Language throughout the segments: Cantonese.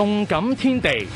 動感天地。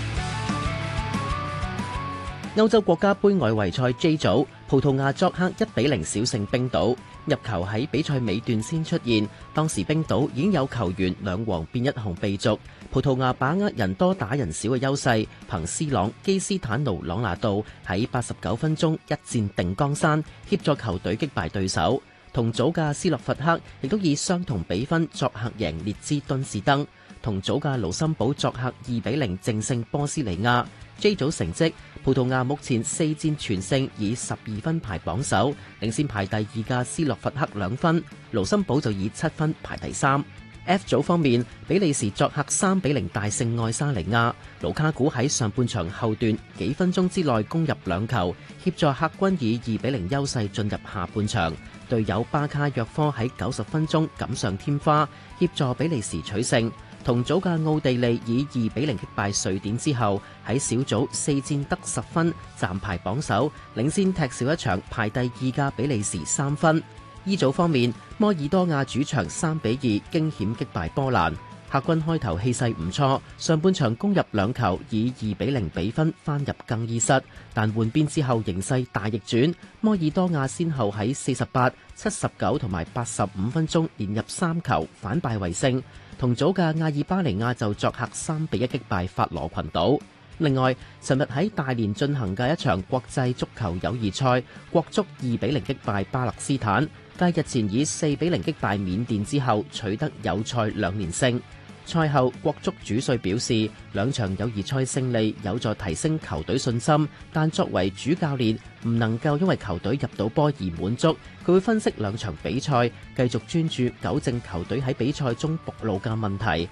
歐洲國家盃外圍賽 J 組，葡萄牙作客一比零小勝冰島，入球喺比賽尾段先出現，當時冰島已經有球員兩黃變一紅被逐。葡萄牙把握人多打人少嘅優勢，憑斯朗基斯坦奴朗拿度喺八十九分鐘一戰定江山，協助球隊擊敗對手。同組嘅斯洛伐克亦都以相同比分作客贏列支敦士登。同組嘅盧森堡作客二比零淨勝波斯尼亞。J 組成績，葡萄牙目前四戰全勝，以十二分排榜首，領先排第二嘅斯洛伐克兩分。盧森堡就以七分排第三。F 組方面，比利時作客三比零大勝愛沙尼亞。盧卡古喺上半場後段幾分鐘之內攻入兩球，協助客軍以二比零優勢進入下半場。隊友巴卡約科喺九十分鐘錦上添花，協助比利時取勝。同組嘅奧地利以二比零擊敗瑞典之後，喺小組四戰得十分，暫排榜首，領先踢少一場排第二嘅比利時三分。E 組方面，摩爾多瓦主場三比二驚險擊敗波蘭。客軍開頭氣勢唔錯，上半場攻入兩球，以二比零比分返入更衣室。但換邊之後形勢大逆轉，摩爾多亞先後喺四十八、七十九同埋八十五分鐘連入三球，反敗為勝。同組嘅阿爾巴尼亞就作客三比一擊敗法羅群島。另外，尋日喺大連進行嘅一場國際足球友誼賽，國足二比零擊敗巴勒斯坦，但日前以四比零擊敗緬甸之後，取得友賽兩連勝。賽後，國足主帥表示，兩場友誼賽勝利有助提升球隊信心，但作為主教練，唔能夠因為球隊入到波而滿足。佢會分析兩場比賽，繼續專注糾正球隊喺比賽中暴露嘅問題。